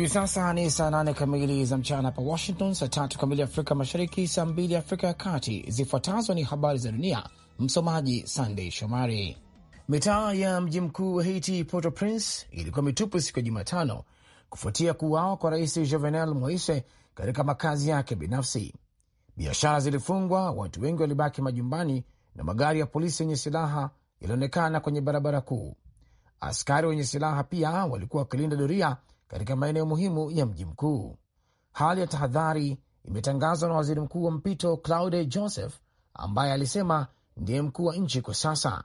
Hivi sasa ni saa nane kamili za mchana hapa Washington, saa tatu kamili Afrika Mashariki, saa mbili Afrika ya Kati. Zifuatazo ni habari za dunia, msomaji Sandey Shomari. Mitaa ya mji mkuu wa Haiti, Port-au-Prince, ilikuwa mitupu siku ya Jumatano kufuatia kuuawa kwa Rais Jovenel Moise katika makazi yake binafsi. Biashara zilifungwa, watu wengi walibaki majumbani na magari ya polisi yenye silaha yalionekana kwenye barabara kuu. Askari wenye silaha pia walikuwa wakilinda doria katika maeneo muhimu ya mji mkuu. Hali ya tahadhari imetangazwa na waziri mkuu wa mpito Claude Joseph ambaye alisema ndiye mkuu wa nchi kwa sasa.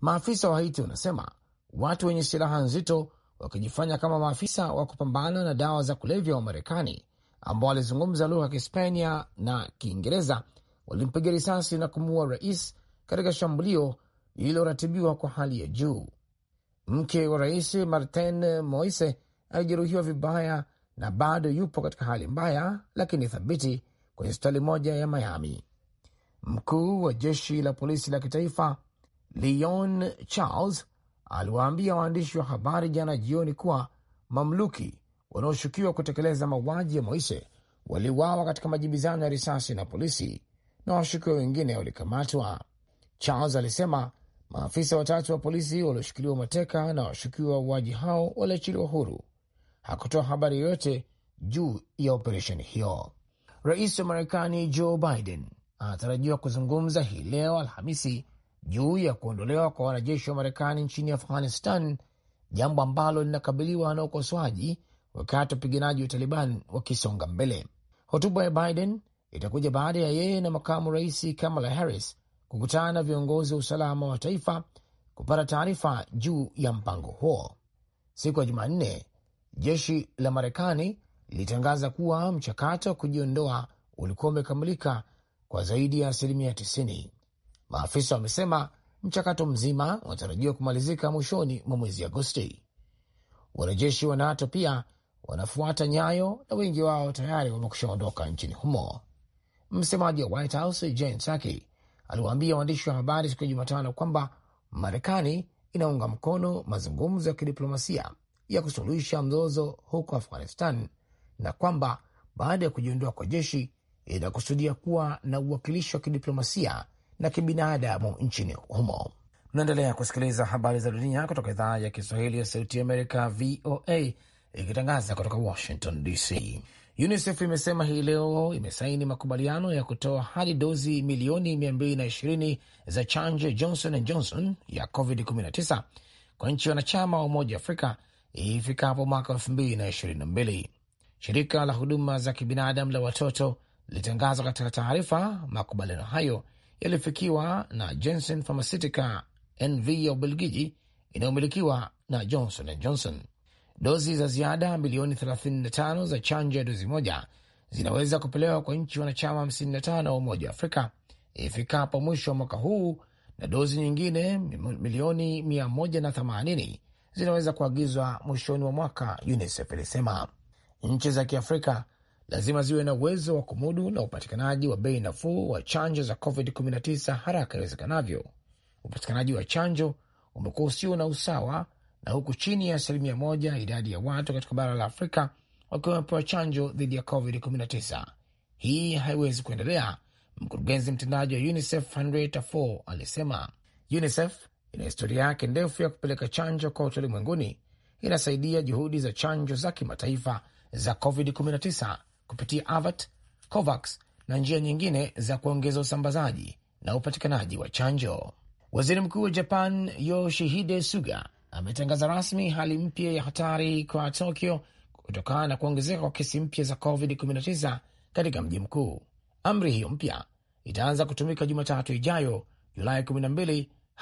Maafisa wa Haiti wanasema watu wenye silaha nzito wakijifanya kama maafisa wa kupambana na dawa za kulevya wa Marekani ambao walizungumza lugha ya Kihispania na Kiingereza walimpiga risasi na kumuua rais katika shambulio lililoratibiwa kwa hali ya juu. Mke wa rais Martin Moise alijeruhiwa vibaya na bado yupo katika hali mbaya lakini thabiti kwenye hospitali moja ya Miami. Mkuu wa jeshi la polisi la kitaifa Leon Charles aliwaambia waandishi wa habari jana jioni kuwa mamluki wanaoshukiwa kutekeleza mauaji ya Moise waliuawa katika majibizano ya risasi na polisi na washukiwa wengine walikamatwa. Charles alisema maafisa watatu wa polisi walioshikiliwa mateka na washukiwa wauaji hao waliachiliwa huru hakutoa habari yoyote juu ya operesheni hiyo. Rais wa Marekani Joe Biden anatarajiwa kuzungumza hii leo Alhamisi juu ya kuondolewa kwa wanajeshi wa Marekani nchini Afghanistan, jambo ambalo linakabiliwa na ukosoaji wakati wapiganaji wa Taliban wakisonga mbele. Hotuba ya Biden itakuja baada ya yeye na makamu rais Kamala Harris kukutana na viongozi wa usalama wa taifa kupata taarifa juu ya mpango huo. Siku ya Jumanne, Jeshi la Marekani lilitangaza kuwa mchakato wa kujiondoa ulikuwa umekamilika kwa zaidi ya asilimia tisini. Maafisa wamesema mchakato mzima unatarajiwa kumalizika mwishoni mwa mwezi Agosti. Wanajeshi wa NATO pia wanafuata nyayo na wengi wao tayari ondoka nchini humo. Msemaji wa White House Jen Psaki aliwaambia waandishi wa habari siku ya Jumatano kwamba Marekani inaunga mkono mazungumzo ya kidiplomasia ya kusuluhisha mzozo huko Afghanistan na kwamba baada ya kujiondoa kwa jeshi inakusudia kuwa na uwakilishi wa kidiplomasia na kibinadamu nchini humo. Mnaendelea kusikiliza habari za dunia kutoka idhaa ya Kiswahili ya Sauti Amerika, VOA, ikitangaza kutoka Washington DC. UNICEF imesema hii leo imesaini makubaliano ya kutoa hadi dozi milioni 220 za chanjo Johnson and Johnson ya COVID-19 kwa nchi wanachama wa Umoja wa Afrika ifikapo mwaka elfu mbili na ishirini na mbili. Shirika la huduma za kibinadamu la watoto lilitangaza katika taarifa makubaliano hayo yaliyofikiwa na Janssen Pharmaceutica NV ya Ubelgiji inayomilikiwa na Johnson and Johnson. Dozi za ziada milioni 35 za chanjo ya dozi moja zinaweza kupelewa kwa nchi wanachama 55 wa Umoja wa Afrika ifikapo mwisho wa mwaka huu na dozi nyingine milioni 180 zinaweza kuagizwa mwishoni mwa mwaka, UNICEF ilisema. Nchi za Kiafrika lazima ziwe na uwezo wa kumudu na upatikanaji wa bei nafuu wa chanjo za COVID-19 haraka iwezekanavyo. Upatikanaji wa chanjo umekuwa usio na usawa, na huku chini ya asilimia moja idadi ya watu katika bara la Afrika wakiwa wamepewa chanjo dhidi ya COVID-19. Hii haiwezi kuendelea, mkurugenzi mtendaji wa UNICEF Henrietta Fore alisema. UNICEF ina historia yake ndefu ya kupeleka chanjo kote ulimwenguni, inasaidia juhudi za chanjo za kimataifa za COVID-19 kupitia AVAT, COVAX na njia nyingine za kuongeza usambazaji na upatikanaji wa chanjo. Waziri Mkuu wa Japan Yoshihide Suga ametangaza rasmi hali mpya ya hatari kwa Tokyo kutokana na kuongezeka kwa kesi mpya za COVID-19 katika mji mkuu. Amri hiyo mpya itaanza kutumika Jumatatu ijayo Julai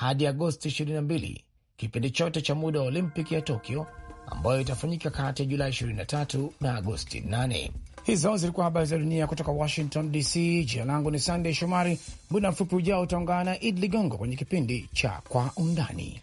hadi Agosti 22, kipindi chote cha muda wa Olimpiki ya Tokyo ambayo itafanyika kati ya Julai 23 na Agosti 8. Hizo zilikuwa habari za dunia kutoka Washington DC. Jina langu ni Sandey Shomari. Muda mfupi ujao utaungana na Id Ligongo kwenye kipindi cha Kwa Undani.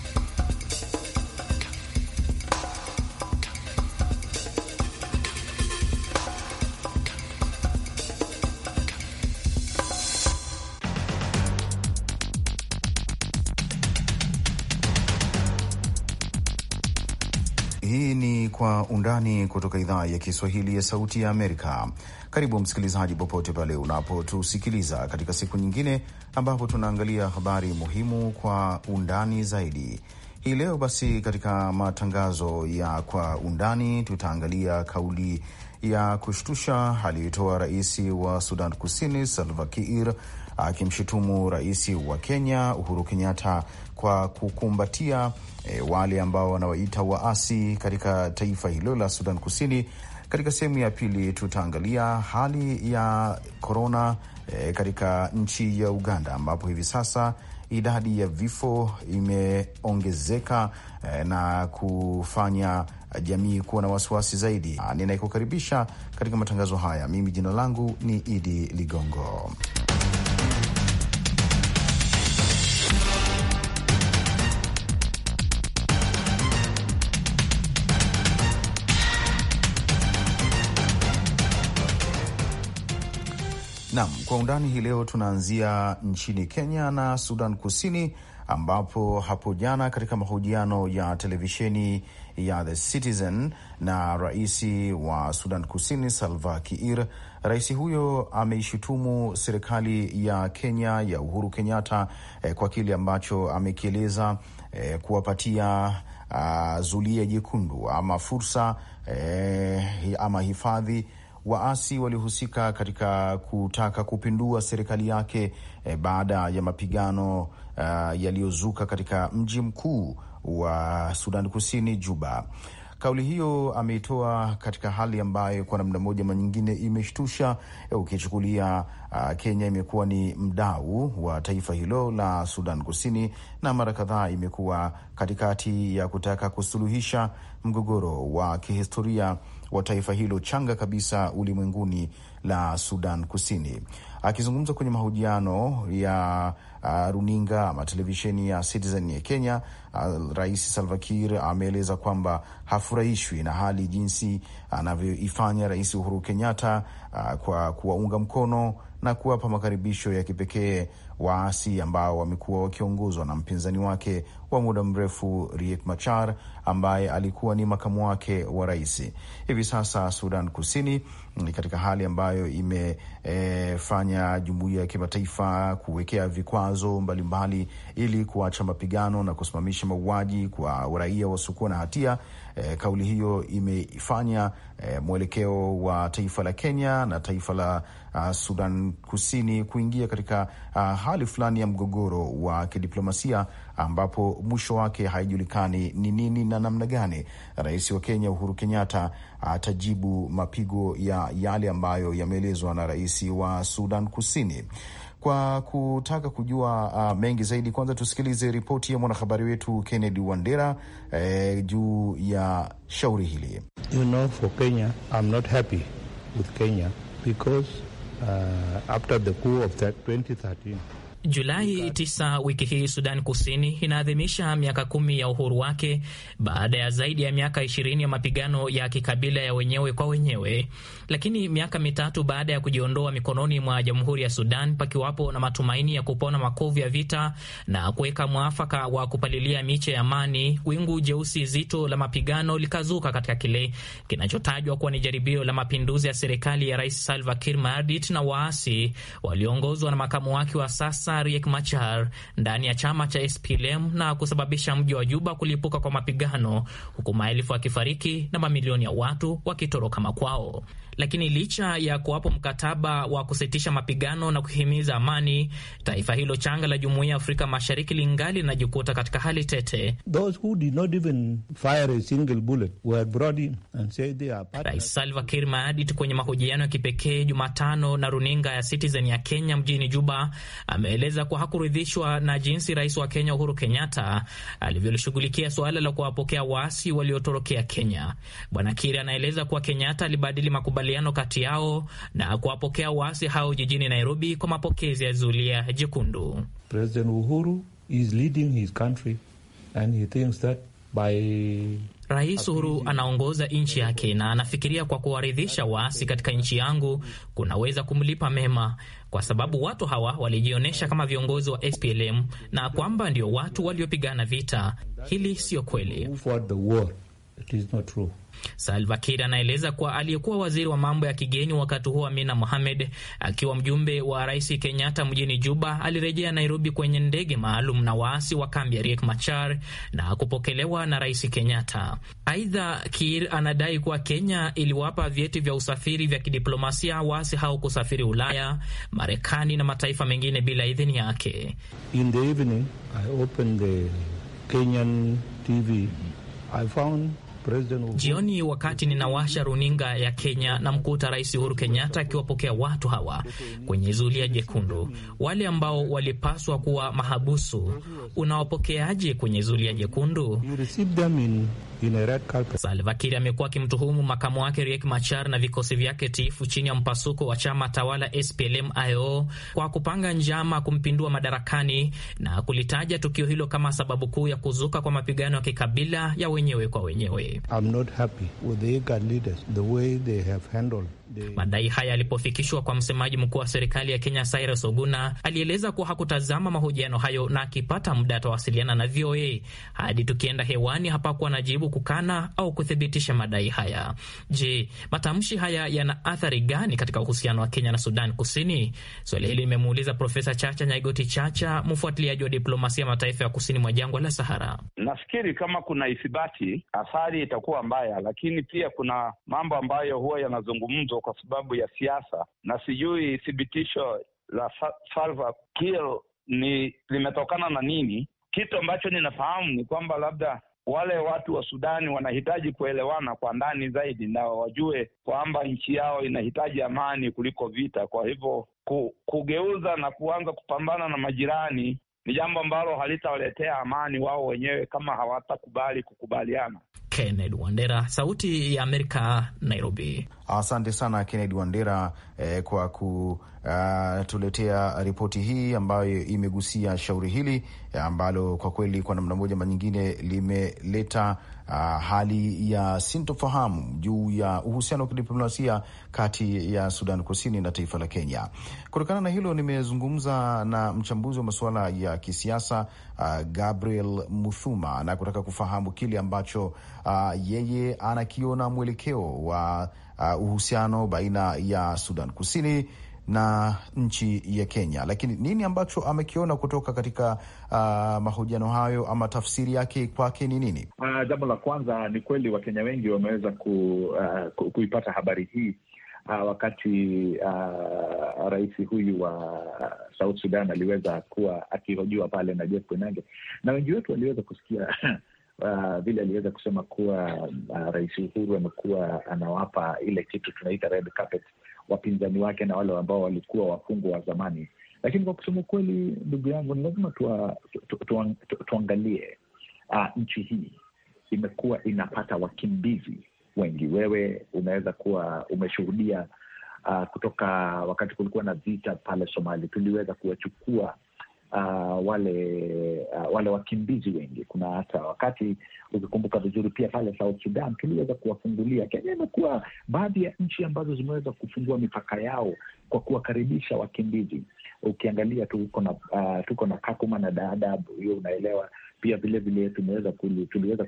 Kwa Undani kutoka idhaa ya Kiswahili ya Sauti ya Amerika. Karibu msikilizaji, popote pale unapotusikiliza katika siku nyingine ambapo tunaangalia habari muhimu kwa undani zaidi. Hii leo basi, katika matangazo ya Kwa Undani tutaangalia kauli ya kushtusha aliyotoa rais wa Sudan Kusini Salva Kiir akimshutumu rais wa Kenya Uhuru Kenyatta kwa kukumbatia e, wale ambao wanawaita waasi katika taifa hilo la Sudan Kusini. Katika sehemu ya pili tutaangalia hali ya korona e, katika nchi ya Uganda ambapo hivi sasa idadi ya vifo imeongezeka e, na kufanya jamii kuwa na wasiwasi zaidi. Ninayekukaribisha katika matangazo haya mimi, jina langu ni Idi Ligongo. Naam, kwa undani hii leo tunaanzia nchini Kenya na Sudan Kusini, ambapo hapo jana katika mahojiano ya televisheni ya The Citizen na rais wa Sudan Kusini Salva Kiir, rais huyo ameishutumu serikali ya Kenya ya Uhuru Kenyatta eh, kwa kile ambacho amekieleza eh, kuwapatia uh, zulia jekundu ama fursa eh, ama hifadhi waasi walihusika katika kutaka kupindua serikali yake e, baada ya mapigano uh, yaliyozuka katika mji mkuu wa Sudan Kusini, Juba. Kauli hiyo ameitoa katika hali ambayo kwa namna moja ama nyingine imeshtusha, eh, ukichukulia uh, Kenya imekuwa ni mdau wa taifa hilo la Sudan Kusini na mara kadhaa imekuwa katikati ya kutaka kusuluhisha mgogoro wa kihistoria wa taifa hilo changa kabisa ulimwenguni la Sudan Kusini. Akizungumza kwenye mahojiano ya uh, runinga ama televisheni ya Citizen ya Kenya, uh, Rais Salva Kiir ameeleza kwamba hafurahishwi na hali jinsi anavyoifanya uh, Rais Uhuru Kenyatta uh, kwa kuwaunga mkono na kuwapa makaribisho ya kipekee waasi ambao wamekuwa wakiongozwa na mpinzani wake wa muda mrefu Riek Machar ambaye alikuwa ni makamu wake wa rais. Hivi sasa Sudan Kusini ni katika hali ambayo imefanya e, jumuiya ya kimataifa kuwekea vikwazo mawazo mbalimbali ili kuacha mapigano na kusimamisha mauaji kwa raia wasiokuwa na hatia. E, kauli hiyo imeifanya e, mwelekeo wa taifa la Kenya na taifa la a, Sudan Kusini kuingia katika a, hali fulani ya mgogoro wa kidiplomasia ambapo mwisho wake haijulikani ni nini na namna gani rais wa Kenya Uhuru Kenyatta atajibu mapigo ya yale ambayo yameelezwa na rais wa Sudan Kusini. Kwa kutaka kujua uh, mengi zaidi, kwanza tusikilize ripoti ya mwanahabari wetu Kennedy Wandera eh, juu ya shauri hili. You know, for Kenya, I'm not happy with Kenya because, uh, after the coup of 2013 Julai 9 wiki hii Sudan Kusini inaadhimisha miaka kumi ya uhuru wake baada ya zaidi ya miaka ishirini ya mapigano ya kikabila ya wenyewe kwa wenyewe. Lakini miaka mitatu baada ya kujiondoa mikononi mwa jamhuri ya Sudan, pakiwapo na matumaini ya kupona makovu ya vita na kuweka mwafaka wa kupalilia miche ya amani, wingu jeusi zito la mapigano likazuka katika kile kinachotajwa kuwa ni jaribio la mapinduzi ya serikali ya Rais Salva Kiir Mayardit na waasi walioongozwa na makamu wake wa sasa Abdallah Riek Machar ndani ya chama cha SPLM na kusababisha mji wa Juba kulipuka kwa mapigano, huku maelfu wakifariki na mamilioni ya watu wakitoroka makwao. Lakini licha ya kuwapo mkataba wa kusitisha mapigano na kuhimiza amani, taifa hilo changa la jumuiya ya Afrika Mashariki lingali linajikuta katika hali tete. Rais Salva Kiir Mayardit kwenye mahojiano ya kipekee Jumatano na runinga ya Citizen ya Kenya mjini Juba ameeleza ameeleza kuwa hakuridhishwa na jinsi rais wa Kenya Uhuru Kenyatta alivyolishughulikia suala la kuwapokea waasi waliotorokea Kenya. Bwana Kiri anaeleza kuwa Kenyatta alibadili makubaliano kati yao na kuwapokea waasi hao jijini Nairobi kwa mapokezi ya zulia jekundu. President Uhuru is leading his country and he thinks that by Rais Uhuru anaongoza nchi yake na anafikiria kwa kuwaridhisha waasi katika nchi yangu kunaweza kumlipa mema kwa sababu watu hawa walijionyesha kama viongozi wa SPLM na kwamba ndio watu waliopigana vita. Hili siyo kweli. Salva Kiir anaeleza kuwa aliyekuwa waziri wa mambo ya kigeni wakati huo Amina Mohamed akiwa mjumbe wa rais Kenyatta mjini Juba alirejea Nairobi kwenye ndege maalum na waasi wa kambi ya Riek Machar na kupokelewa na rais Kenyatta. Aidha, Kiir anadai kuwa Kenya iliwapa vyeti vya usafiri vya kidiplomasia waasi hao kusafiri Ulaya, Marekani na mataifa mengine bila idhini yake. In the evening, I opened the Kenyan TV. I found Jioni wakati ninawasha runinga ya Kenya na mkuta Rais Uhuru Kenyatta akiwapokea watu hawa kwenye zulia jekundu, wale ambao walipaswa kuwa mahabusu. Unawapokeaje kwenye zulia jekundu? Salva Kiir amekuwa akimtuhumu makamu wake Riek Machar na vikosi vyake tiifu chini ya mpasuko wa chama tawala SPLM-IO kwa kupanga njama kumpindua madarakani na kulitaja tukio hilo kama sababu kuu ya kuzuka kwa mapigano ya kikabila ya wenyewe kwa wenyewe. I'm not happy with the Madai haya yalipofikishwa kwa msemaji mkuu wa serikali ya Kenya Cyrus Oguna, alieleza kuwa hakutazama mahojiano hayo na akipata muda atawasiliana na VOA. Hadi tukienda hewani, hapakuwa na jibu kukana au kuthibitisha madai haya. Je, matamshi haya yana athari gani katika uhusiano wa Kenya na Sudan Kusini? Swali hili limemuuliza Profesa Chacha Nyaigoti Chacha, mfuatiliaji wa diplomasia mataifa ya kusini mwa jangwa la Sahara. Nafikiri kama kuna ithibati, athari itakuwa mbaya, lakini pia kuna mambo ambayo huwa yanazungumzwa Ruto kwa sababu ya siasa, na sijui thibitisho la Salva Kiir ni limetokana na nini. Kitu ambacho ninafahamu ni kwamba labda wale watu wa Sudani wanahitaji kuelewana kwa ndani zaidi, na wajue kwamba nchi yao inahitaji amani kuliko vita. Kwa hivyo ku, kugeuza na kuanza kupambana na majirani ni jambo ambalo halitawaletea amani wao wenyewe kama hawatakubali kukubaliana. Kennedy Wandera, Sauti ya Amerika, Nairobi. Asante sana Kennedy Wandera eh, kwa kutuletea uh, ripoti hii ambayo imegusia shauri hili eh, ambalo kwa kweli kwa namna moja manyingine limeleta uh, hali ya sintofahamu juu ya uhusiano wa kidiplomasia kati ya Sudan Kusini na taifa la Kenya. Kutokana na hilo, nimezungumza na mchambuzi wa masuala ya kisiasa uh, Gabriel Muthuma na kutaka kufahamu kile ambacho uh, yeye anakiona mwelekeo wa uh, uhusiano baina ya Sudan Kusini na nchi ya Kenya, lakini nini ambacho amekiona kutoka katika uh, mahojiano hayo ama tafsiri yake kwake ni nini? Uh, jambo la kwanza ni kweli Wakenya wengi wameweza ku, uh, ku, kuipata habari hii uh, wakati uh, rais huyu wa South Sudan aliweza kuwa akihojiwa pale na Jeff Koinange, na wengi wetu waliweza kusikia Uh, vile aliweza kusema kuwa uh, Rais Uhuru amekuwa anawapa ile kitu tunaita red carpet wapinzani wake na wale ambao walikuwa wafungwa wa zamani. Lakini kwa kusema ukweli ndugu yangu, ni lazima tuangalie tu, tu, tu, uh, nchi hii imekuwa inapata wakimbizi wengi. Wewe unaweza kuwa umeshuhudia uh, kutoka wakati kulikuwa na vita pale Somali, tuliweza kuwachukua uh, wale uh, wale wakimbizi wengi. Kuna hata wakati ukikumbuka vizuri pia pale South Sudan tuliweza kuwafungulia. Kenya imekuwa baadhi ya nchi ambazo zimeweza kufungua mipaka yao kwa kuwakaribisha wakimbizi. Ukiangalia tuko na uh, tuko na Kakuma na Dadaab, hiyo unaelewa pia vilevile tumeweza tuliweza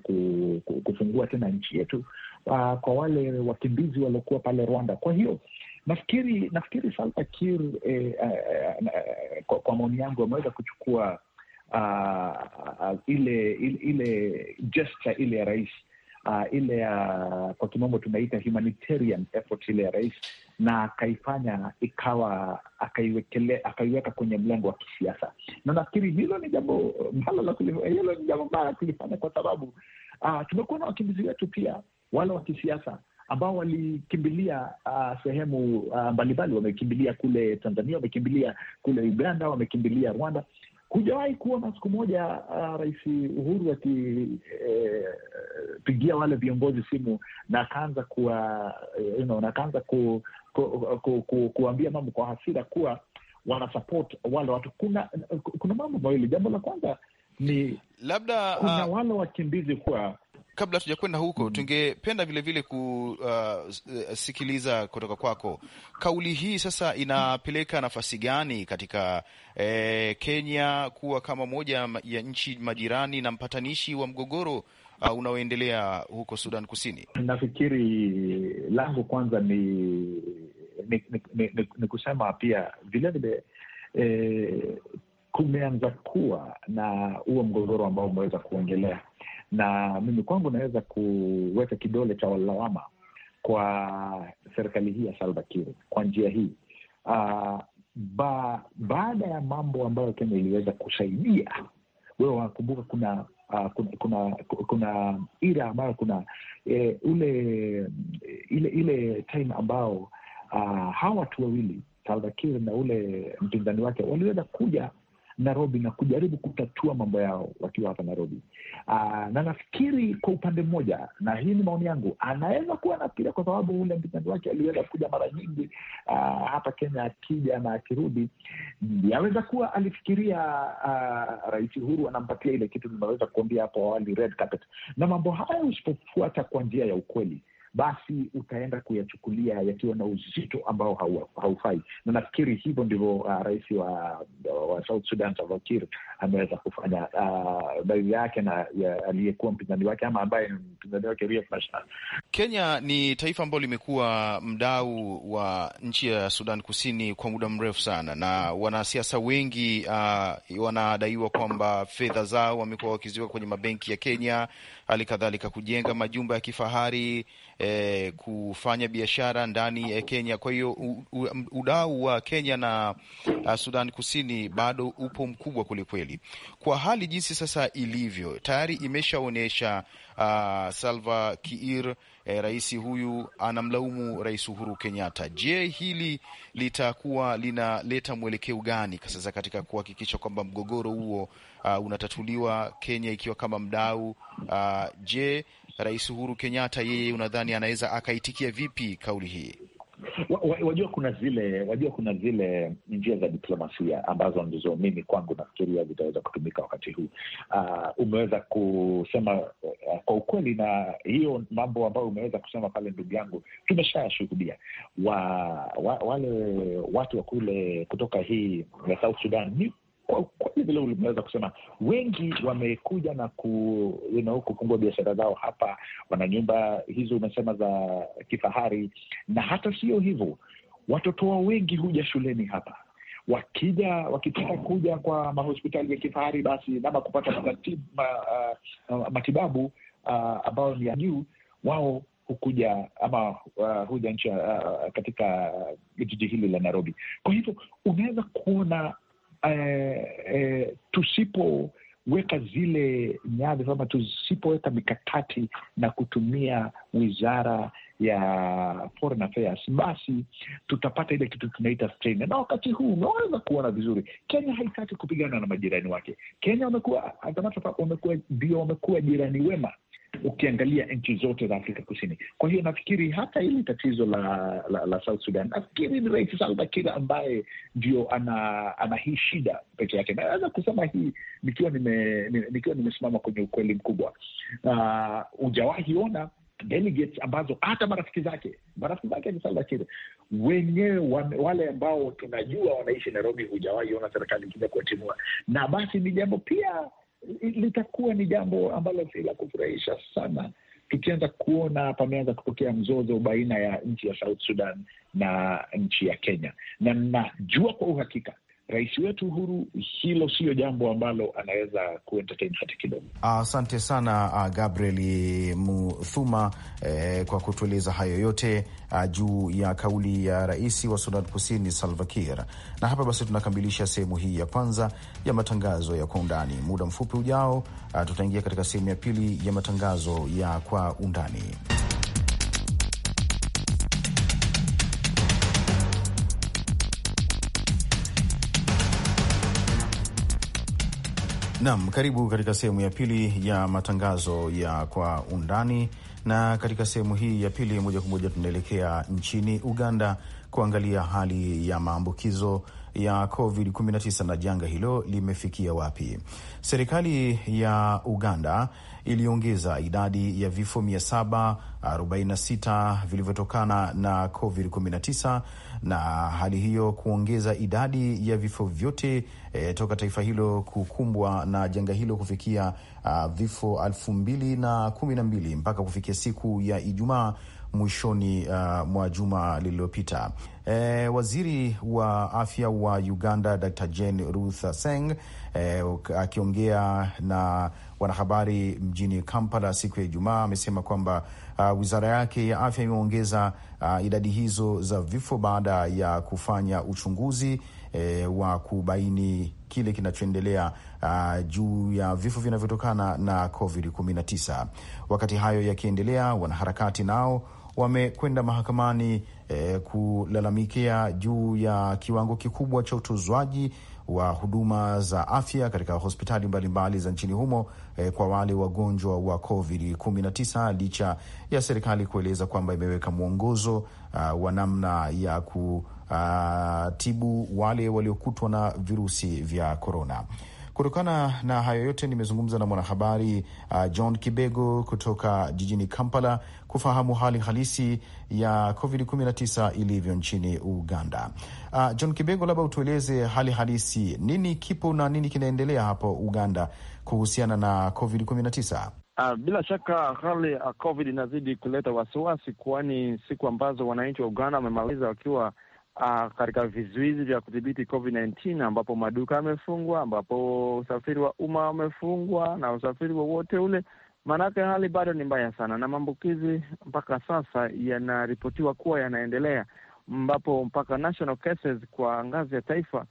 kufungua tena nchi yetu uh, kwa wale wakimbizi waliokuwa pale Rwanda. Kwa hiyo Nafikiri nafikiri Salva Kiir eh, eh, eh, kwa, kwa maoni yangu ameweza kuchukua uh, uh, ile ile gesture ile ya rais uh, ile ya uh, kwa kimombo tunaita humanitarian effort ile ya rais, na akaifanya ikawa akaiwekele akaiweka kwenye mlengo wa kisiasa, na nafikiri hilo ni jambo mbalo la hilo ni jambo mbaya kulifanya, kwa sababu uh, tumekuwa na wakimbizi wetu pia wale wa kisiasa ambao walikimbilia uh, sehemu ah, mbalimbali uh, wamekimbilia kule Tanzania, wamekimbilia kule Uganda, wamekimbilia Rwanda. Hujawahi kuona siku moja uh, Rais Uhuru akipigia eh, wale viongozi simu na akaanza kuwa eh, you know, na akaanza ku, ku, ku, ku, kuambia mambo kwa hasira kuwa wanasupport wale watu. Kuna kuna mambo mawili. Jambo la kwanza ni labda kuna uh... wale wakimbizi kuwa kabla tujakwenda huko mm, tungependa vilevile kusikiliza uh, uh kutoka kwako kauli hii sasa inapeleka nafasi gani katika eh, Kenya kuwa kama moja ya nchi majirani na mpatanishi wa mgogoro Uh, unaoendelea huko Sudan Kusini. Nafikiri langu kwanza ni ni, ni, ni, ni kusema pia vilevile eh, kumeanza kuwa na huo mgogoro ambao umeweza kuongelea na mimi kwangu naweza kuweka kidole cha lawama kwa serikali hii ya Salva Kiir kwa njia hii uh, ba, baada ya mambo ambayo Kenya iliweza kusaidia, wewe wakumbuka kuna Uh, kuna kuna kuna ira ambayo kuna eh, ule ile ile time ambao uh, hawa watu wawili Salva Kiir na ule mpinzani wake waliweza kuja Nairobi na kujaribu kutatua mambo yao wakiwa hapa Nairobi. Aa, ah, na nafikiri kwa upande mmoja, na hii ni maoni yangu, anaweza kuwa anafikiria kwa sababu ule mpinzani wake aliweza kuja mara nyingi ah, hapa Kenya akija na akirudi, yaweza kuwa alifikiria ah, Rais Uhuru anampatia ile kitu nimeweza kuambia hapo awali, red carpet, na mambo haya usipofuata kwa njia ya ukweli basi utaenda kuyachukulia yakiwa na uzito ambao haufai, na nafikiri hivyo ndivyo uh, rais wa, wa South Sudan Salva Kiir ameweza kufanya uh, baadhi yake na ya, aliyekuwa mpinzani wake ama ambaye ni mpinzani wake Riek Machar. Kenya ni taifa ambalo limekuwa mdau wa nchi ya Sudan Kusini kwa muda mrefu sana, na wanasiasa wengi uh, wanadaiwa kwamba fedha zao wamekuwa wakiziweka kwenye mabenki ya Kenya hali kadhalika kujenga majumba ya kifahari eh, kufanya biashara ndani ya Kenya. Kwa hiyo udau wa Kenya na uh, Sudan Kusini bado upo mkubwa kwelikweli. Kwa hali jinsi sasa ilivyo, tayari imeshaonyesha uh, ah, Salva Kiir eh, rais huyu anamlaumu Rais Uhuru Kenyatta. Je, hili litakuwa linaleta mwelekeo gani sasa katika kuhakikisha kwamba mgogoro huo uh, unatatuliwa Kenya ikiwa kama mdau uh, je, Rais Uhuru Kenyatta yeye unadhani anaweza akaitikia vipi kauli hii? Wajua kuna zile wajua kuna zile njia za diplomasia ambazo ndizo mimi kwangu nafikiria zitaweza kutumika wakati huu. Uh, umeweza kusema uh, kwa ukweli, na hiyo mambo ambayo umeweza kusema pale, ndugu yangu, tumeshayashuhudia wa, wa, wale watu wa kule kutoka hii ya South Sudan kwa vile ulimeweza kusema, wengi wamekuja na ku, you know, kufungua biashara zao hapa. Wana nyumba hizo umesema za kifahari, na hata sio hivyo, watoto wao wengi huja shuleni hapa wakija wakitaka kuja kwa mahospitali ya kifahari basi, nama kupata matib, ma, uh, uh, matibabu uh, ambayo ni ya juu, wao hukuja ama uh, huja nchi uh, katika jiji hili la Nairobi. Kwa hivyo unaweza kuona Eh, eh, tusipoweka zile nyadhi ama tusipoweka mikakati na kutumia wizara ya foreign affairs, basi tutapata ile kitu tunaita strain. Na wakati huu unaweza kuona vizuri, Kenya haitaki kupigana na majirani wake. Kenya wamekuwa ndio wamekuwa jirani wema ukiangalia nchi zote za Afrika Kusini. Kwa hiyo nafikiri hata hili tatizo la, la, la South Sudan, nafikiri ni Rais Salva Kiir ambaye ndio ana, ana hii shida peke yake. Naweza kusema hii nikiwa nime, nikiwa nimesimama kwenye ukweli mkubwa. Uh, ujawahi ona delegates ambazo hata marafiki zake marafiki zake ni Salva Kiir wenyewe wale ambao tunajua wanaishi Nairobi, hujawahi ona serikali ingine kuwatimua, na basi ni jambo pia litakuwa ni jambo ambalo si la kufurahisha sana tukianza kuona pameanza kutokea mzozo baina ya nchi ya South Sudan na nchi ya Kenya, na najua kwa uhakika rais wetu Uhuru, hilo siyo jambo ambalo anaweza kuentertain hata kidogo. Asante uh, sana uh, Gabriel Muthuma eh, kwa kutueleza hayo yote uh, juu ya kauli ya rais wa Sudan Kusini Salva Kiir. Na hapa basi tunakamilisha sehemu hii ya kwanza ya matangazo ya kwa undani. Muda mfupi ujao, uh, tutaingia katika sehemu ya pili ya matangazo ya kwa undani. Naam, karibu katika sehemu ya pili ya matangazo ya kwa undani, na katika sehemu hii ya pili moja kwa moja tunaelekea nchini Uganda kuangalia hali ya maambukizo ya COVID-19 na janga hilo limefikia wapi. Serikali ya Uganda iliongeza idadi ya vifo 746 vilivyotokana na COVID-19 na hali hiyo kuongeza idadi ya vifo vyote e, toka taifa hilo kukumbwa na janga hilo kufikia a, ah, vifo 2012 mpaka kufikia siku ya Ijumaa mwishoni uh, mwa juma lililopita. E, waziri wa afya wa Uganda Dr. Jane Ruth Aceng e, eh, akiongea na wanahabari mjini Kampala siku ya Ijumaa amesema kwamba uh, wizara yake ya afya imeongeza uh, idadi hizo za vifo baada ya kufanya uchunguzi e, wa kubaini kile kinachoendelea uh, juu ya vifo vinavyotokana na COVID-19. Wakati hayo yakiendelea, wanaharakati nao wamekwenda mahakamani eh, kulalamikia juu ya kiwango kikubwa cha utozwaji wa huduma za afya katika hospitali mbalimbali za nchini humo eh, kwa wale wagonjwa wa COVID-19 licha ya serikali kueleza kwamba imeweka mwongozo uh, wa namna ya kutibu uh, wale waliokutwa na virusi vya korona. Kutokana na hayo yote, nimezungumza na mwanahabari uh, John Kibego kutoka jijini Kampala kufahamu hali halisi ya COVID-19 ilivyo nchini Uganda. Uh, John Kibego, labda utueleze hali halisi, nini kipo na nini kinaendelea hapo Uganda kuhusiana na COVID-19? Uh, bila shaka hali ya COVID inazidi kuleta wasiwasi, kwani siku ambazo wananchi wa Uganda wamemaliza wakiwa uh, katika vizuizi vya kudhibiti COVID-19 ambapo maduka yamefungwa, ambapo usafiri wa umma umefungwa na usafiri wowote ule, maanake hali bado ni mbaya sana, na maambukizi mpaka sasa yanaripotiwa kuwa yanaendelea, ambapo mpaka national cases kwa ngazi ya taifa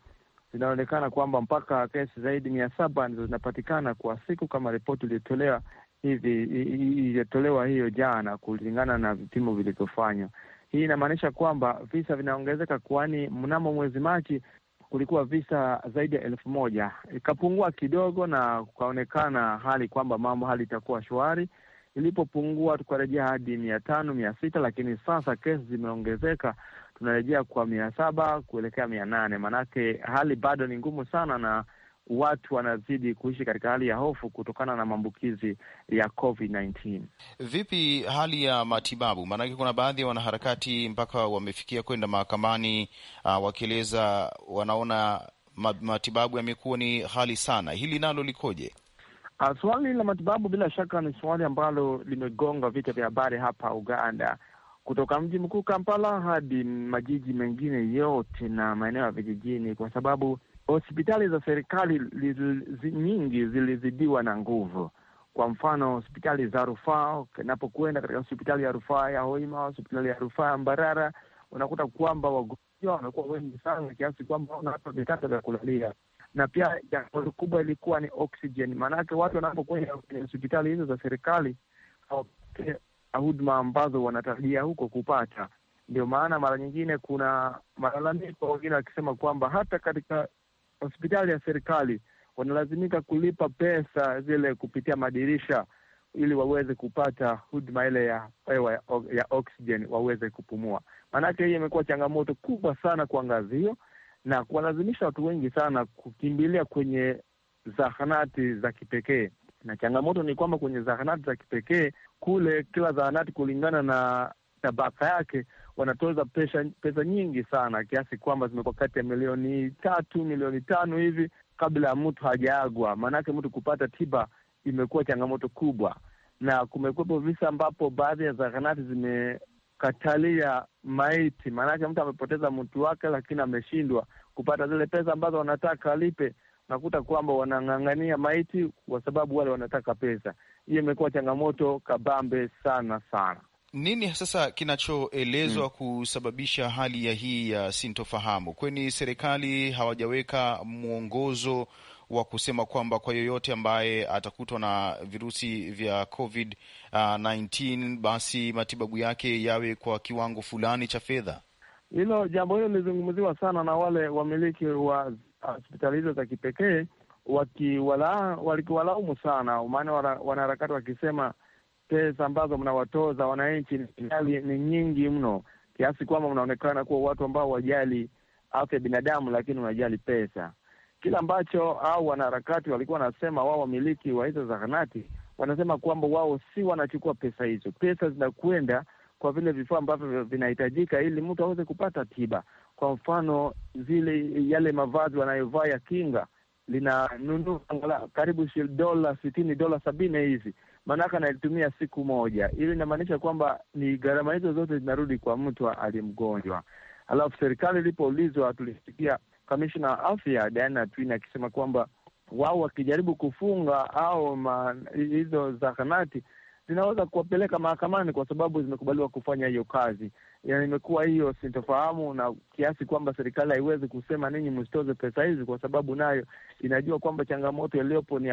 zinaonekana kwamba mpaka kesi zaidi mia saba ndizo zinapatikana kwa siku kama ripoti iliyotolewa hivi iliyotolewa hiyo jana kulingana na vipimo vilivyofanywa. Hii inamaanisha kwamba visa vinaongezeka, kwani mnamo mwezi Machi kulikuwa visa zaidi ya elfu moja ikapungua kidogo, na kukaonekana hali kwamba mambo hali itakuwa shwari. Ilipopungua tukarejea hadi mia tano mia sita lakini sasa kesi zimeongezeka, tunarejea kwa mia saba kuelekea mia nane Maanake hali bado ni ngumu sana na watu wanazidi kuishi katika hali ya hofu kutokana na maambukizi ya COVID-19. Vipi hali ya matibabu? Maanake kuna baadhi ya wanaharakati mpaka wamefikia kwenda mahakamani, uh, wakieleza wanaona matibabu yamekuwa ni hali sana. Hili nalo likoje? Uh, swali la matibabu bila shaka ni swali ambalo limegonga vita vya habari hapa Uganda, kutoka mji mkuu Kampala hadi majiji mengine yote na maeneo ya vijijini, kwa sababu hospitali za serikali nyingi zilizidiwa na nguvu. Kwa mfano hospitali za rufaa, kinapokwenda katika hospitali ya rufaa ya Hoima, hospitali ya rufaa ya Mbarara, unakuta kwamba wagonjwa wamekuwa wengi sana kiasi kwamba wanawapa vitanda vya kulalia, na pia jambo kubwa ilikuwa ni oksijeni. Maanake watu wanapokwenda kwenye hospitali hizo za serikali hawapate huduma ambazo wanatarajia huko kupata. Ndio maana mara nyingine kuna malalamiko, wengine wakisema kwamba hata katika hospitali ya serikali wanalazimika kulipa pesa zile kupitia madirisha ili waweze kupata huduma ile ya hewa ya, ya waweze kupumua. Maanake hii imekuwa changamoto kubwa sana kwa ngazi hiyo, na kuwalazimisha watu wengi sana kukimbilia kwenye zahanati za kipekee. Na changamoto ni kwamba kwenye zahanati za kipekee kule, kila zahanati kulingana na tabaka yake wanatoza pesa, pesa nyingi sana kiasi kwamba zimekuwa kati ya milioni tatu milioni tano hivi kabla ya mtu hajaagwa. Maanake mtu kupata tiba imekuwa changamoto kubwa, na kumekuwepo visa ambapo baadhi ya zahanati zimekatalia maiti, maanake mtu amepoteza mtu wake, lakini ameshindwa kupata zile pesa ambazo wanataka alipe. Nakuta kwamba wanang'ang'ania maiti kwa sababu wale wanataka pesa. Hiyo imekuwa changamoto kabambe sana sana nini sasa kinachoelezwa mm, kusababisha hali ya hii ya sintofahamu? Kwani serikali hawajaweka mwongozo wa kusema kwamba kwa yoyote ambaye atakutwa na virusi vya COVID 19 basi matibabu yake yawe kwa kiwango fulani cha fedha. Hilo jambo hilo lilizungumziwa sana na wale wamiliki wa hospitali hizo za kipekee, wakiwalaumu sana, maana wanaharakati wakisema pesa ambazo mnawatoza wananchi ni nyingi mno kiasi kwamba mnaonekana kuwa watu ambao wajali afya binadamu, lakini unajali pesa. Kile ambacho au wanaharakati walikuwa wanasema wao, wamiliki wa hizo zahanati wanasema kwamba wao si wanachukua pesa hizo, pesa zinakwenda kwa vile vifaa ambavyo vinahitajika ili mtu aweze kupata tiba. Kwa mfano, zile yale mavazi wanayovaa ya kinga linanunua karibu dola sitini, dola sabini hizi maanake nalitumia siku moja. Hiyo inamaanisha kwamba ni gharama hizo zote zinarudi kwa mtu aliye mgonjwa. Alafu serikali ilipoulizwa, tulisikia kamishna wa afya Diana Twin akisema kwamba wao wakijaribu kufunga au hizo zahanati zinaweza kuwapeleka mahakamani kwa sababu zimekubaliwa kufanya hiyo kazi. Yani imekuwa hiyo sintofahamu na kiasi kwamba serikali haiwezi kusema ninyi msitoze pesa hizi, kwa sababu nayo inajua kwamba changamoto iliyopo ni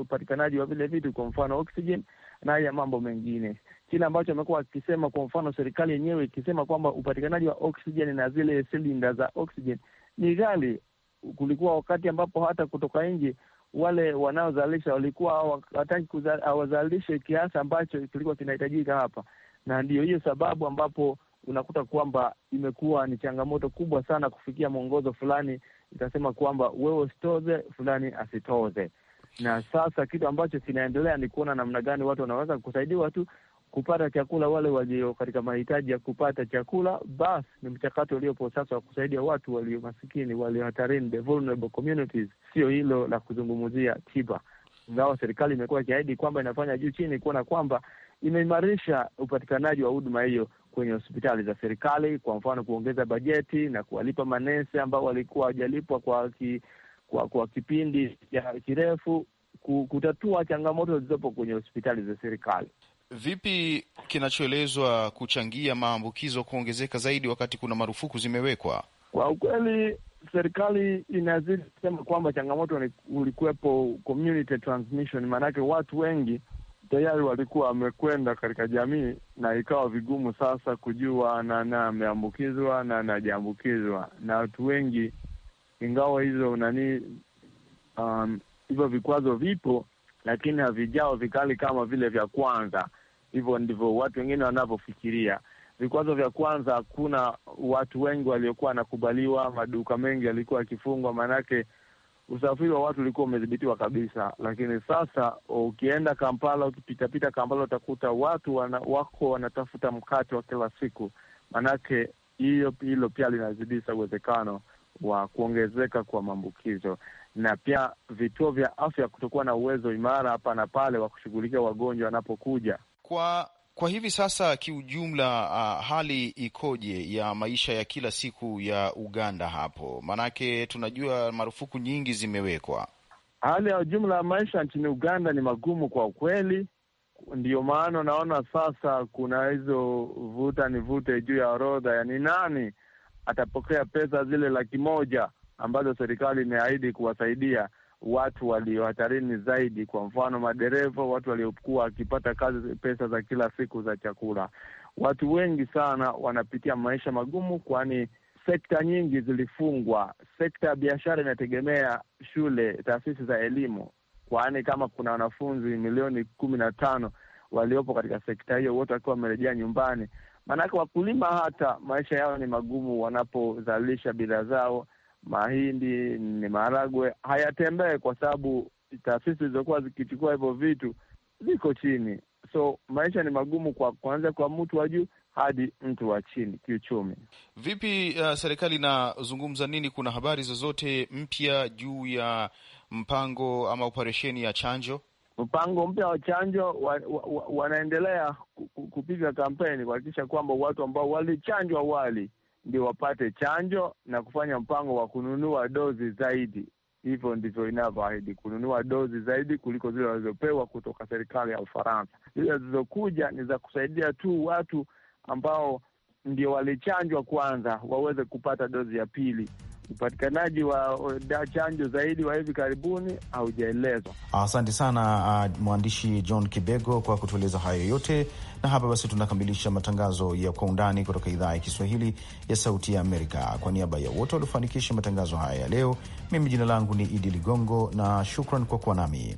upatikanaji wa vile vitu, kwa mfano oxygen na haya mambo mengine. Kile ambacho amekuwa akisema, kwa mfano serikali yenyewe ikisema kwamba upatikanaji wa oxygen na zile silinda za oxygen ni ghali. Kulikuwa wakati ambapo hata kutoka nje wale wanaozalisha walikuwa hawataki hawazalishe kiasi ambacho kilikuwa kinahitajika hapa, na ndio hiyo sababu ambapo unakuta kwamba imekuwa ni changamoto kubwa sana kufikia mwongozo fulani, itasema kwamba wewe usitoze, fulani asitoze. Na sasa kitu ambacho kinaendelea ni kuona namna gani watu wanaweza kusaidiwa tu kupata chakula, wale walio katika mahitaji ya kupata chakula, basi ni mchakato uliopo sasa wa kusaidia watu walio masikini, walio hatarini, the vulnerable communities. Sio hilo la kuzungumzia tiba, ingawa serikali imekuwa ikiahidi kwamba inafanya juu chini kuona kwamba imeimarisha upatikanaji wa huduma hiyo kwenye hospitali za serikali, kwa mfano kuongeza bajeti na kuwalipa manese ambao walikuwa wajalipwa kwa, ki, kwa kwa kipindi cha kirefu, kutatua changamoto zilizopo kwenye hospitali za serikali. Vipi kinachoelezwa kuchangia maambukizo kuongezeka zaidi wakati kuna marufuku zimewekwa? Kwa ukweli, serikali inazidi kusema kwamba changamoto ni ulikuwepo community transmission, maanake watu wengi tayari walikuwa wamekwenda katika jamii na ikawa vigumu sasa kujua nani ameambukizwa na anajaambukizwa, na watu wengi, ingawa hizo nani, um, hivyo vikwazo vipo lakini havijao vikali kama vile vya kwanza. Hivyo ndivyo watu wengine wanavyofikiria. Vikwazo vya kwanza, hakuna watu wengi waliokuwa wanakubaliwa, maduka mengi yalikuwa yakifungwa, maanake usafiri wa watu ulikuwa umedhibitiwa kabisa. Lakini sasa ukienda Kampala, ukipitapita Kampala, utakuta watu wana, wako wanatafuta mkate wa kila siku, maanake hiyo hilo pia linazidisha uwezekano wa kuongezeka kwa maambukizo na pia vituo vya afya kutokuwa na uwezo imara hapa na pale wa kushughulikia wagonjwa wanapokuja. Kwa kwa hivi sasa kiujumla, uh, hali ikoje ya maisha ya kila siku ya Uganda hapo? Maanake tunajua marufuku nyingi zimewekwa. Hali ya ujumla ya maisha nchini Uganda ni magumu kwa ukweli ndiyo maana naona sasa kuna hizo vuta nivute juu ya orodha, yani nani atapokea pesa zile laki moja ambazo serikali imeahidi kuwasaidia watu walio hatarini zaidi, kwa mfano madereva, watu waliokuwa wakipata kazi, pesa za kila siku za chakula. Watu wengi sana wanapitia maisha magumu, kwani sekta nyingi zilifungwa. Sekta ya biashara inategemea shule, taasisi za elimu, kwani kama kuna wanafunzi milioni kumi na tano waliopo katika sekta hiyo, wote wakiwa wamerejea nyumbani, maanake wakulima hata maisha yao ni magumu wanapozalisha bidhaa zao mahindi ni maharagwe hayatembee, kwa sababu taasisi zilizokuwa zikichukua hivyo vitu ziko chini. So maisha ni magumu kwa kuanzia kwa mtu wa juu hadi mtu wa chini kiuchumi. Vipi uh, serikali inazungumza nini? Kuna habari zozote mpya juu ya mpango ama operesheni ya chanjo? Mpango mpya wa chanjo wa, wa, wa, wanaendelea kupiga kampeni kuhakikisha kwamba watu ambao walichanjwa awali ndio wapate chanjo na kufanya mpango wa kununua dozi zaidi. Hivyo ndivyo inavyoahidi kununua dozi zaidi kuliko zile walizopewa kutoka serikali ya Ufaransa. Zile zilizokuja ni za kusaidia tu watu ambao ndio walichanjwa kwanza waweze kupata dozi ya pili. Upatikanaji wa chanjo zaidi wa hivi karibuni haujaelezwa. Asante sana uh, mwandishi John Kibego kwa kutueleza hayo yote, na hapa basi tunakamilisha matangazo ya Kwa Undani kutoka idhaa ya Kiswahili ya Sauti ya Amerika. Kwa niaba ya wote waliofanikisha matangazo haya ya leo, mimi jina langu ni Idi Ligongo na shukran kwa kuwa nami.